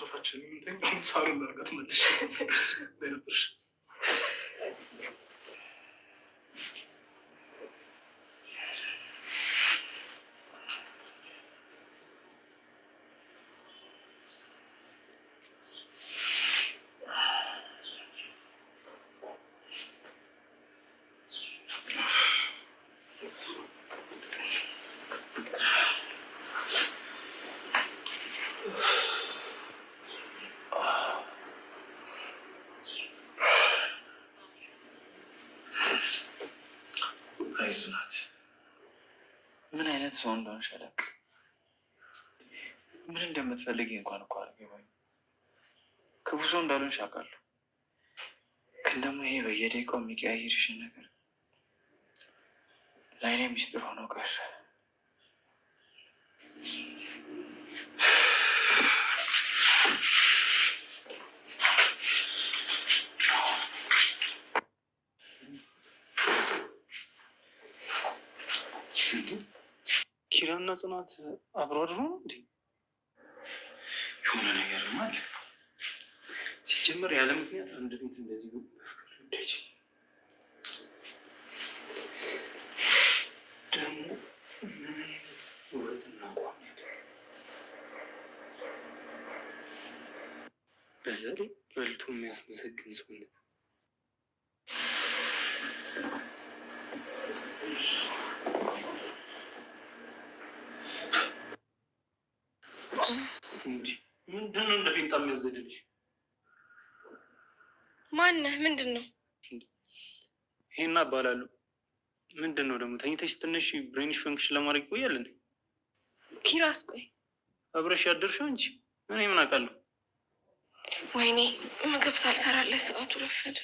ሶፋችን ሳሩን ላርጋት መልሽ ነበርሽ ሰው እንደሆንሽ አላውቅ። ምን እንደምትፈልጊ እንኳን እኮ አልገባኝም። ክፉ ሰው እንዳልሆንሽ አውቃለሁ፣ ግን ደግሞ ይሄ በየደቂቃው የሚቀያየርሽን ነገር ለአይኔ ሚስጥር ሆኖ ቀረ። ኪራን ጽናት አብሮ አድሮ ነው እንዴ? የሆነ ነገር አለ። ሲጀምር ያለ ምክንያት አንድ ቤት እንደዚህ ፍቅር ደግሞ ምን አይነት ውበትና አቋም ያለ በዛሬ በልቶ የሚያስመሰግን ሰውነት ምንድን ነው እንደ ፊንጣ የሚያዘልልሽ? ማነህ? ምንድን ነው ይሄና? እባላለሁ። ምንድን ነው ደግሞ? ተኝተሽ ትንሽ ብሬንሽ ፈንክሽን ለማድረግ ይቆያለን። ኪራስ፣ ቆይ አብረሽ ያደርሽው እንጂ እኔ ምን አውቃለሁ? ወይኔ ምግብ ሳልሰራለት ሰዓቱ ረፈደ።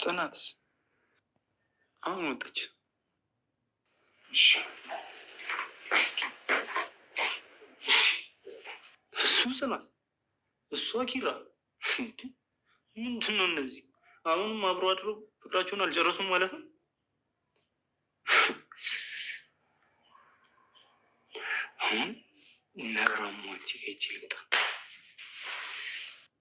ጽናትስ አሁን ወጣች። እሱ ጽናት፣ እሷ አኪራ ምንድን ነው እነዚህ? አሁንም አብሮ አድሮ ፍቅራቸውን አልጨረሱም ማለት ነው። አሁን ነግራ ሞቲ ከይችልምጣ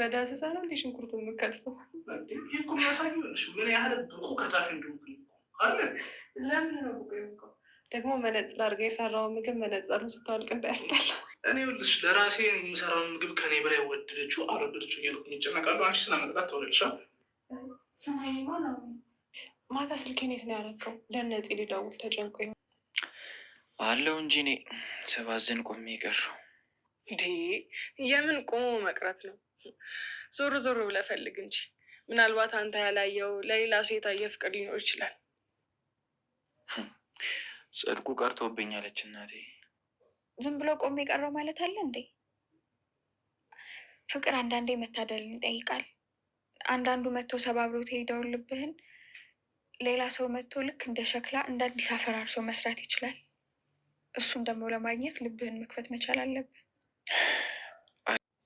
በዳሰሳ ነው እንዴ የምከትፈው? የሚያሳዩ ምን ያህል ብቁ ከታፊ እንደሆንኩ አለ። ለምን ነው ብቁ የምቀው? ደግሞ መነጽር አድርገ የሰራው ምግብ መነጽሩን ስታወልቅ እንዳያስጠላ። እኔ ልሽ ለራሴ የምሰራውን ምግብ ከኔ በላይ ወደደችው አልወደደችው ይጨነቃሉ። አንቺ ስለመቅጣት ተወደድሻል። ስማኝማ ነው ማታ ስልኬን የት ነው ያደረገው? ለነጽ ሊደውል ተጨንቆ ይሆን አለው እንጂ እኔ ሰባዝን ቆሜ የቀረው እንዲ የምን ቆሞ መቅረት ነው ዞር ዞር ብለህ ፈልግ እንጂ ምናልባት አንተ ያላየው ለሌላ ሰው የታየ ፍቅር ሊኖር ይችላል። ጽድቁ ቀርቶብኛለች እናቴ። ዝም ብሎ ቆም የቀረው ማለት አለ እንዴ? ፍቅር አንዳንዴ መታደልን ይጠይቃል። አንዳንዱ መቶ ሰባብሮት ተሄደውን ልብህን ሌላ ሰው መቶ ልክ እንደ ሸክላ እንደ አዲስ አፈራርሶ መስራት ይችላል። እሱን ደግሞ ለማግኘት ልብህን መክፈት መቻል አለብህ።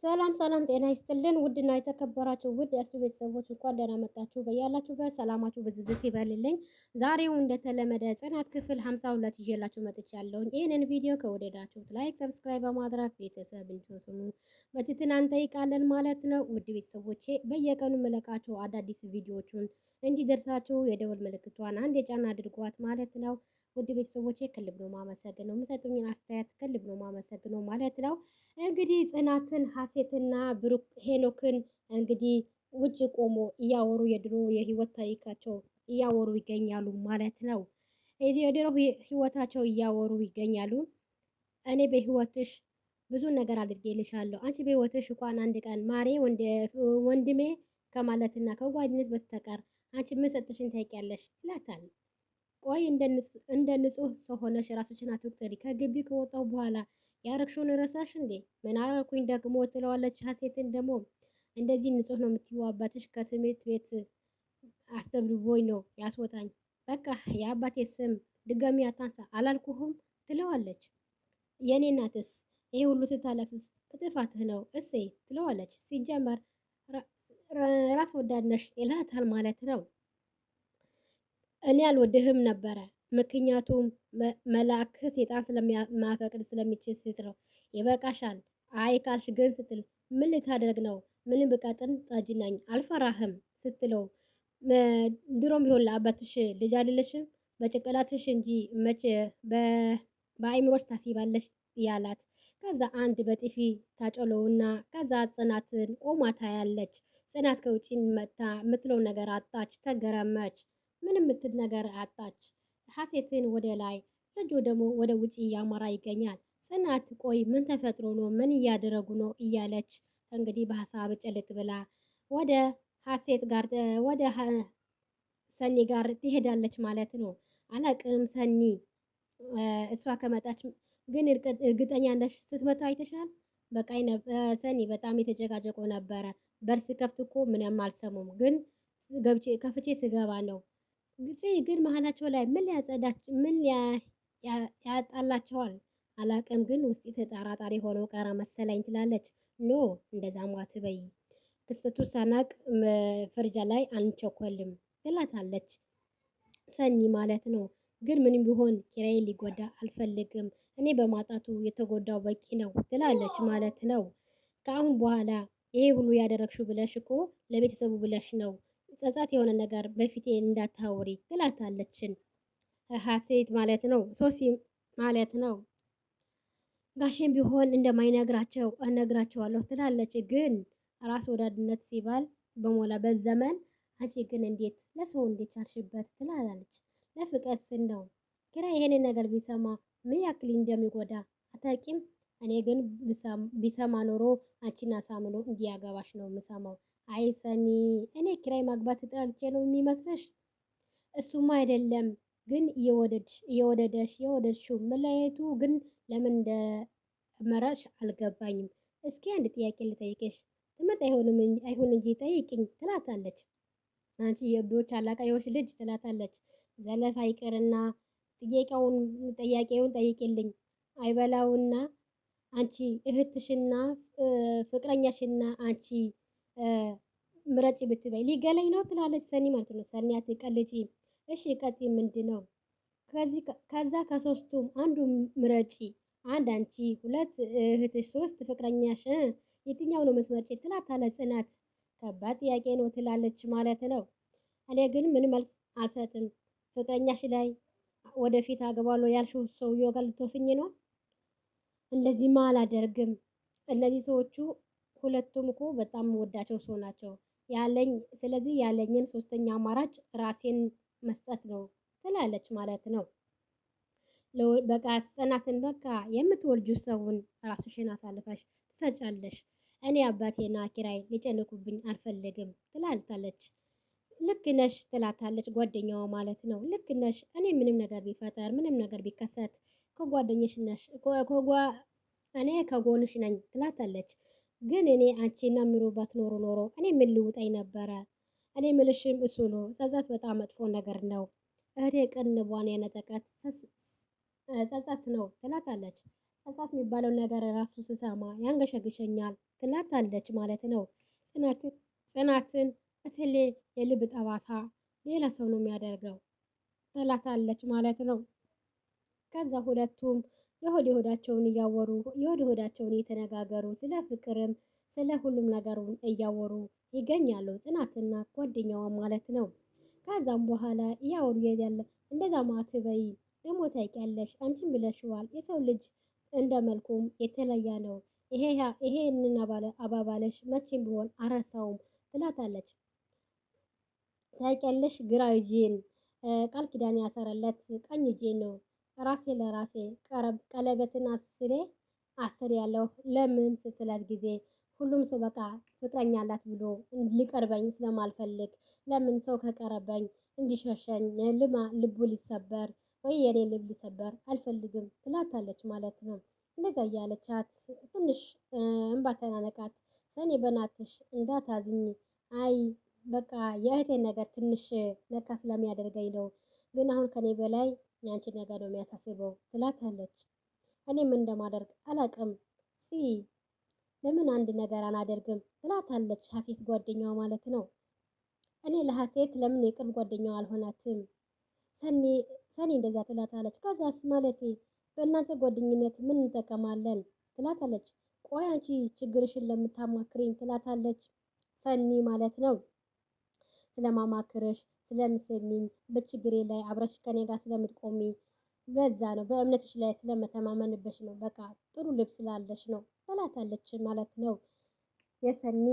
ሰላም ሰላም፣ ጤና ይስጥልን ውድና የተከበራችሁ ውድ የእሱ ቤተሰቦች እንኳን ደህና መጣችሁ። በያላችሁበት ሰላማችሁ ብዝዝት ይበልልኝ። ዛሬው እንደተለመደ ጽናት ክፍል ሀምሳ ሁለት ይዤላችሁ መጥቻለሁ። ይህንን ቪዲዮ ከወደዳችሁት ላይክ፣ ሰብስክራይብ በማድረግ ቤተሰብ እንድትሆኑ በትህትና እንጠይቃለን ማለት ነው። ውድ ቤተሰቦቼ በየቀኑ መለቃችሁ አዳዲስ ቪዲዮዎቹን እንዲደርሳችሁ የደወል ምልክቷን አንድ የጫና አድርጓት ማለት ነው። ውድ ቤተሰቦቼ ከልብ ነው ማመሰግነው። የምሰጡኝን አስተያየት ከልብ ነው ማመሰግነው ማለት ነው። እንግዲህ ጽናትን ሀሴትና ብሩክ ሄኖክን እንግዲህ ውጭ ቆሞ እያወሩ የድሮ የህይወት ታሪካቸው እያወሩ ይገኛሉ ማለት ነው። የድሮ ህይወታቸው እያወሩ ይገኛሉ። እኔ በህይወትሽ ብዙ ነገር አድርጌልሻለሁ። አንቺ በህይወትሽ እንኳን አንድ ቀን ማሬ ወንድሜ ከማለትና ከጓድነት በስተቀር አንቺ ምን ሰጥሽን ታውቂያለሽ? ይላታል ቆይ እንደ ንጹህ ሰው ሆነሽ ራስሽን አትውጠሪ። ከግቢ ከወጣሁ በኋላ ያረግሽውን ረሳሽ እንዴ? ምን አረኩኝ ደግሞ ትለዋለች። ሀሴትን ደግሞ እንደዚህ ንጹህ ነው የምትይው፣ አባትሽ ከትምህርት ቤት አስተብልቦኝ ነው ያስወጣኝ። በቃ የአባቴ ስም ድጋሚ አታንሳ አላልኩሁም ትለዋለች። የእኔ እናትስ ይህ ሁሉ ስታለቅስ በጥፋትህ ነው እሴ ትለዋለች። ሲጀመር ራስ ወዳድ ነሽ ይላታል ማለት ነው። እኔ አልወድህም ነበረ። ምክንያቱም መላክ ሴጣን ስለማፈቅድ ስለሚችል ነው ይበቃሻል፣ አይ ካልሽ ግን ስትል ምን ልታደርግ ነው? ምን ብቀጥን ጠጅናኝ አልፈራህም ስትለው ድሮም ቢሆን ለአባትሽ ልጅ አይደለሽም በጭንቅላትሽ እንጂ መቼ በአይምሮች ታስባለሽ ያላት። ከዛ አንድ በጥፊ ታጮለውና ከዛ ጽናትን ቆማ ታያለች። ጽናት ከውጪ መታ ምትለው ነገር አጣች፣ ተገረመች። ምን የምትል ነገር አጣች። ሀሴትን ወደ ላይ ልጁ ደግሞ ወደ ውጪ እያመራ ይገኛል። ጽናት ቆይ ምን ተፈጥሮ ነው? ምን እያደረጉ ነው? እያለች እንግዲህ በሀሳብ ጭልጥ ብላ ወደ ሀሴት ጋር ወደ ሰኒ ጋር ትሄዳለች ማለት ነው። አላቅም ሰኒ እሷ ከመጣች ግን እርግጠኛ እንደሽ ስትመታው አይተሻል። በቃ ሰኒ በጣም የተጨቃጨቁ ነበረ። በርስ ከፍት እኮ ምንም አልሰሙም፣ ግን ገብቼ ከፍቼ ስገባ ነው ጊዜ ግን መሀላቸው ላይ ምን ምን ያጣላቸዋል አላቅም። ግን ውስጥ ተጠራጣሪ ሆኖ ቀራ መሰለኝ ትላለች። ኖ እንደዛም አትበይ፣ ክስተቱ ሰናቅ ፍርጃ ላይ አንቸኮልም ትላታለች። ሰኒ ማለት ነው። ግን ምንም ቢሆን ኪራይ ሊጎዳ አልፈልግም። እኔ በማጣቱ የተጎዳው በቂ ነው ትላለች ማለት ነው። ከአሁን በኋላ ይሄ ሁሉ ያደረግሽው ብለሽ እኮ ለቤተሰቡ ብለሽ ነው ጸጸት የሆነ ነገር በፊቴ እንዳታውሪ ትላታለችን ሀሴት ማለት ነው ሶሲ ማለት ነው። ጋሽም ቢሆን እንደማይነግራቸው እነግራቸዋለሁ ትላለች። ግን ራስ ወዳድነት ሲባል በሞላበት ዘመን አንቺ ግን እንዴት ለሰው እንዴት ቻልሽበት ትላለች። ለፍቅር ስል ነው ግራ ይሄንን ነገር ቢሰማ ምን ያክል እንደሚጎዳ አታቂም። እኔ ግን ቢሰማ ኖሮ አንቺን አሳምኖ እንዲያገባሽ ነው የምሰማው። አይ ሰኒ፣ እኔ ኪራይ ማግባት ጠልቼ ነው የሚመስልሽ? እሱም አይደለም ግን የወደደሽ የወደድሽው መለያየቱ ግን ለምን እንደመረሽ አልገባኝም። እስኪ አንድ ጥያቄ ልጠይቅሽ፣ ትምህርት አይሁን እንጂ ጠይቅኝ ትላታለች። አንቺ የእብዶች አለቃ የሆንሽ ልጅ ትላታለች። ዘለፍ አይቀርና ጥያቄውን ጠያቄውን ጠይቅልኝ አይበላውና አንቺ እህትሽና ፍቅረኛሽና አንቺ ምረጭ ብትበይ ሊገለኝ ነው ትላለች ሰኒ ማለት ነው። ሰኒ አትቀልጪ እሺ፣ ቀጤ ምንድ ነው? ከዛ ከሶስቱም አንዱ ምረጪ፣ አንድ አንቺ፣ ሁለት እህትሽ፣ ሶስት ፍቅረኛሽ፣ የትኛው ነው የምትመርጪ? ትላታለች ጽናት። ከባድ ጥያቄ ነው ትላለች ማለት ነው። እኔ ግን ምን መልስ አልሰጥም። ፍቅረኛሽ ላይ ወደፊት አገባለሁ ያልሽው ሰውዬው ጋር ልትወስኝ ነው? እንደዚህማ አላደርግም። እነዚህ ሰዎቹ ሁለቱም እኮ በጣም ወዳቸው ሰው ናቸው ያለኝ። ስለዚህ ያለኝን ሶስተኛ አማራጭ ራሴን መስጠት ነው ትላለች ማለት ነው። በቃ ጽናትን በቃ የምትወልጁ ሰውን ራስሽን አሳልፈሽ ትሰጫለሽ። እኔ አባቴና ኪራይ ሊጨንቁብኝ አልፈልግም ትላልታለች። ልክ ነሽ ትላታለች ጓደኛዋ ማለት ነው። ልክ ነሽ፣ እኔ ምንም ነገር ቢፈጠር ምንም ነገር ቢከሰት ከጓደኛሽ ነሽ እኔ ከጎንሽ ነኝ ትላታለች። ግን እኔ እና ምሮ ባትኖሩ ኖሮ እኔ ምን ልውጠኝ ነበረ? እኔ ምልሽም እሱ ነው። ጸጸት በጣም መጥፎ ነገር ነው። እህቴ ቅንቧን የነጠቀት ጸጸት ነው ትላታለች። ጸጸት የሚባለው ነገር ራሱ ስሰማ ያንገሸግሸኛል ትላታለች ማለት ነው። ጽናትን በተለይ የልብ ጠባሳ ሌላ ሰው ነው የሚያደርገው ትላታለች ማለት ነው። ከዛ ሁለቱም የሆድ የሆዳቸውን እያወሩ የሆድ የሆዳቸውን እየተነጋገሩ ስለ ፍቅርም ስለ ሁሉም ነገሩ እያወሩ ይገኛሉ። ጽናትና ጓደኛዋ ማለት ነው። ከዛም በኋላ እያወሩ ያለ እንደዛ ማትበይ ደግሞ ታይቂያለሽ፣ አንቺም ብለሽዋል። የሰው ልጅ እንደ መልኩም የተለየ ነው። ይሄንን አባባለሽ መቼም ቢሆን አረሳውም ትላታለች። ታይቂያለሽ፣ ግራ እጄን ቃል ኪዳን ያሰረለት ቀኝ እጄን ነው ራሴ ለራሴ ቀለበትን አስሬ አስር ያለው ለምን ስትላት ጊዜ ሁሉም ሰው በቃ ፍቅረኛ አላት ብሎ ሊቀርበኝ ስለማልፈልግ ለምን ሰው ከቀረበኝ እንዲሸሸኝ ልማ ልቡ ሊሰበር ወይ የኔ ልብ ሊሰበር አልፈልግም ትላታለች ማለት ነው። እንደዛ እያለቻት ትንሽ እንባተናነቃት ሰኔ በናትሽ እንዳታዝኝ አይ በቃ የእህቴን ነገር ትንሽ ነካ ስለሚያደርገኝ ነው ግን አሁን ከኔ በላይ የአንቺ ነገር ነው የሚያሳስበው ትላታለች። እኔም እንደማደርግ አላቅም ሲ ለምን አንድ ነገር አናደርግም ትላታለች። ሀሴት ጓደኛዋ ማለት ነው። እኔ ለሀሴት ለምን የቅርብ ጓደኛዋ አልሆናትም? ሰኒ ሰኒ እንደዛ ትላታለች። ከዛስ ማለቴ በእናንተ ጓደኝነት ምን እንጠቀማለን ትላታለች። ቆይ አንቺ ችግርሽን ለምታማክሪኝ ትላታለች። ሰኒ ማለት ነው ስለማማክርሽ ስለምሰሚኝ በችግሬ ላይ አብረሽ ከኔ ጋር ስለምትቆሚ በዛ ነው በእምነትሽ ላይ ስለመተማመንበሽ ነው። በቃ ጥሩ ልብስ ላለሽ ነው ትላታለች ማለት ነው። የሰኒ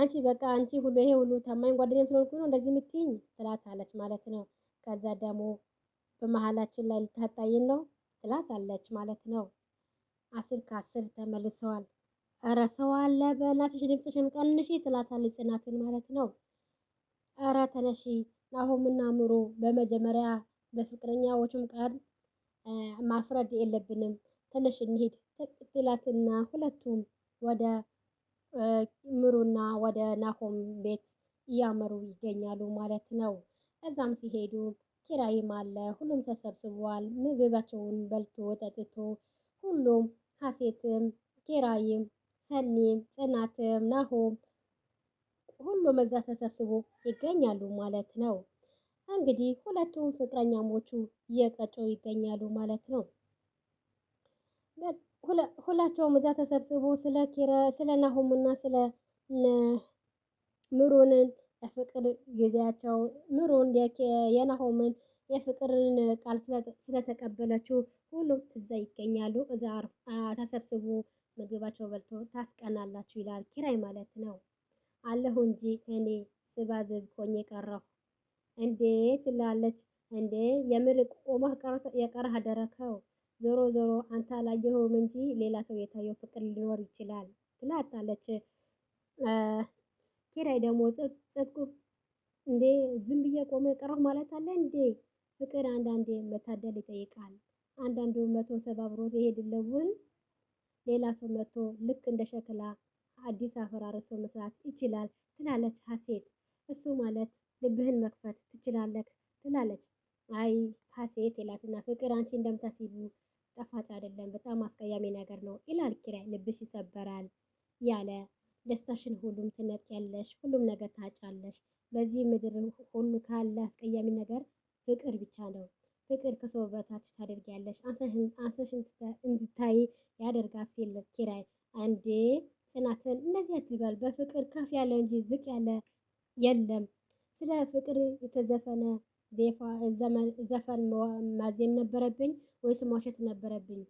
አንቺ በቃ አንቺ ሁሉ ይሄ ሁሉ ታማኝ ጓደኛ ስለሆንኩ ነው እንደዚህ የምትይኝ ትላታለች ማለት ነው። ከዛ ደግሞ በመሀላችን ላይ ልታጣይን ነው ትላታለች ማለት ነው። አስር ከአስር ተመልሰዋል። እረ ሰው አለ በእናትሽ ድምፅሽን ቀንሽ ትላታለች ጽናትን ማለት ነው። ኧረ ተነሺ ናሆምና ምሩ በመጀመሪያ በፍቅረኛዎቹም ቃል ማፍረድ የለብንም ተነሽ እንሂድ ትላትና ሁለቱም ወደ ምሩና ወደ ናሆም ቤት እያመሩ ይገኛሉ ማለት ነው። እዛም ሲሄዱ ኪራይም አለ። ሁሉም ተሰብስቧል። ምግባቸውን በልቶ ጠጥቶ ሁሉም ሀሴትም፣ ኪራይም፣ ሰኒም፣ ጽናትም ናሆም ሁሉም እዛ ተሰብስቦ ይገኛሉ ማለት ነው። እንግዲህ ሁለቱም ፍቅረኛሞቹ እየቀጮ ይገኛሉ ማለት ነው። ሁላቸውም እዛ ተሰብስቦ ስለ ኪረ ስለ ናሆምና ስለ ምሩንን የፍቅር ጊዜያቸው ምሩን የናሆምን የፍቅርን ቃል ስለተቀበለችው ሁሉም እዛ ይገኛሉ። እዛ ተሰብስቦ ምግባቸው በልቶ ታስቀናላችሁ ይላል ኪራይ ማለት ነው። አለሁ እንጂ እኔ ስባዝብ ሆኜ ቀረሁ። እንዴ ትላለች። እንዴ የምር ቆመህ የቀረህ አደረከው። ዞሮ ዞሮ አንተ አላየኸውም እንጂ ሌላ ሰው የታየው ፍቅር ሊኖር ይችላል ትላታለች። ኪራይ ደግሞ ጽድቁ እንዴ ዝም ብዬ ቆሜ የቀረሁ ማለት አለ እንዴ? ፍቅር አንዳንዴ መታደል ይጠይቃል። አንዳንዱ መቶ ሰባብሮ የሄድለውን ሌላ ሰው መቶ ልክ እንደ ሸክላ አዲስ አፈራርሶ መስራት ይችላል ትላለች ሀሴት። እሱ ማለት ልብህን መክፈት ትችላለህ ትላለች። አይ ሀሴት ይላትና ፍቅር አንቺ እንደምታስቡ ጣፋጭ አይደለም፣ በጣም አስቀያሚ ነገር ነው ይላል ኪራይ። ልብሽ ይሰበራል ያለ ደስታሽን ሁሉም ትነጥቂያለሽ፣ ሁሉም ነገር ታጫለሽ። በዚህ ምድር ሁሉ ካለ አስቀያሚ ነገር ፍቅር ብቻ ነው። ፍቅር ከሰው በታች ታደርጊያለሽ፣ አንሰሽ እንድታይ ያደርጋት ሲል ኪራይ ጽናትን እንደዚህ አትበል፣ በፍቅር ከፍ ያለ እንጂ ዝቅ ያለ የለም። ስለ ፍቅር የተዘፈነ ዘፈን ማዜም ነበረብኝ ወይስ መዋሸት ነበረብኝ?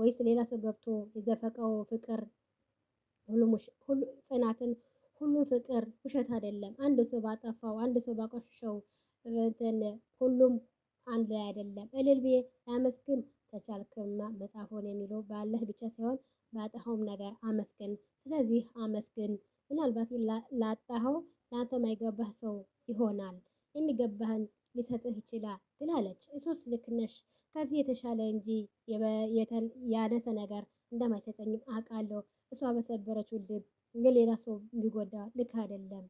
ወይስ ሌላ ሰው ገብቶ የዘፈቀው ፍቅር ጽናትን ሁሉም ፍቅር ውሸት አይደለም። አንድ ሰው ባጠፋው፣ አንድ ሰው ባቆሸሸው እንትን ሁሉም አንድ ላይ አይደለም። እልል ብዬ አመስግን ተቻልክማ መጽሐፎን የሚለው ባለህ ብቻ ሳይሆን ባጠፋውም ነገር አመስግን። ስለዚህ አመስግን። ምናልባት ላጣኸው ለአንተ ማይገባህ ሰው ይሆናል የሚገባህን ሊሰጥህ ይችላል ትላለች። እሱስ ልክ ነሽ፣ ከዚህ የተሻለ እንጂ ያነሰ ነገር እንደማይሰጠኝም አውቃለሁ። እሷ በሰበረችው ልብ ግን ሌላ ሰው የሚጎዳ ልክ አይደለም።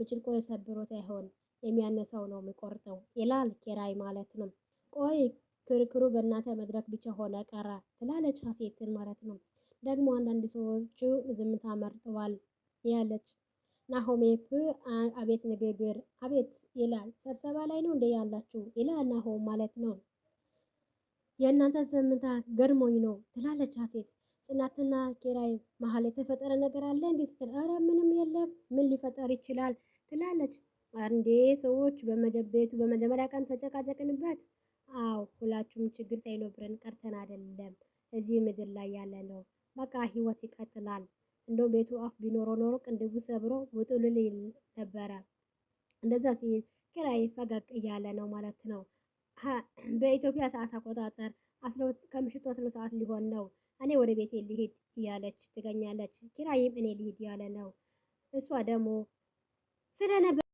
ብችል ቆይ ሳይሆን የሚያነሳው ነው የሚቆርጠው ይላል ኪራይ ማለት ነው። ቆይ ክርክሩ በእናንተ መድረክ ብቻ ሆነ ቀረ ትላለች ሀሴትን ማለት ነው። ደግሞ አንዳንድ ሰዎቹ ዝምታ መርጠዋል ያለች ናሆሜፕ አቤት ንግግር አቤት ይላል። ስብሰባ ላይ ነው እንዴ ያላችሁ ይላል ናሆ ማለት ነው። የእናንተ ዝምታ ገርሞኝ ነው ትላለች ሀሴት። ጽናትና ኬራይ መሀል የተፈጠረ ነገር አለ እንዴ ስትል፣ ኧረ ምንም የለም ምን ሊፈጠር ይችላል ትላለች። አንዴ ሰዎች በመጀቤቱ በመጀመሪያ ቀን ተጨቃጨቅንበት። አዎ ሁላችሁም ችግር ሳይኖብረን ቀርተን አይደለም እዚህ ምድር ላይ ያለ ነው በቃ ህይወት ይቀጥላል። እንደው ቤቱ አፍ ቢኖረው ኖሮ ቅንድቡ ሰብሮ ውጡልል ነበረ። እንደዛ ሲል ኪራይ ፈገግ እያለ ነው ማለት ነው። በኢትዮጵያ ሰዓት አቆጣጠር ከምሽቱ አስራ ሁለት ሰዓት ሊሆን ነው። እኔ ወደ ቤቴ ልሂድ እያለች ትገኛለች። ኪራይም እኔ ልሂድ እያለ ነው። እሷ ደግሞ ስለነበ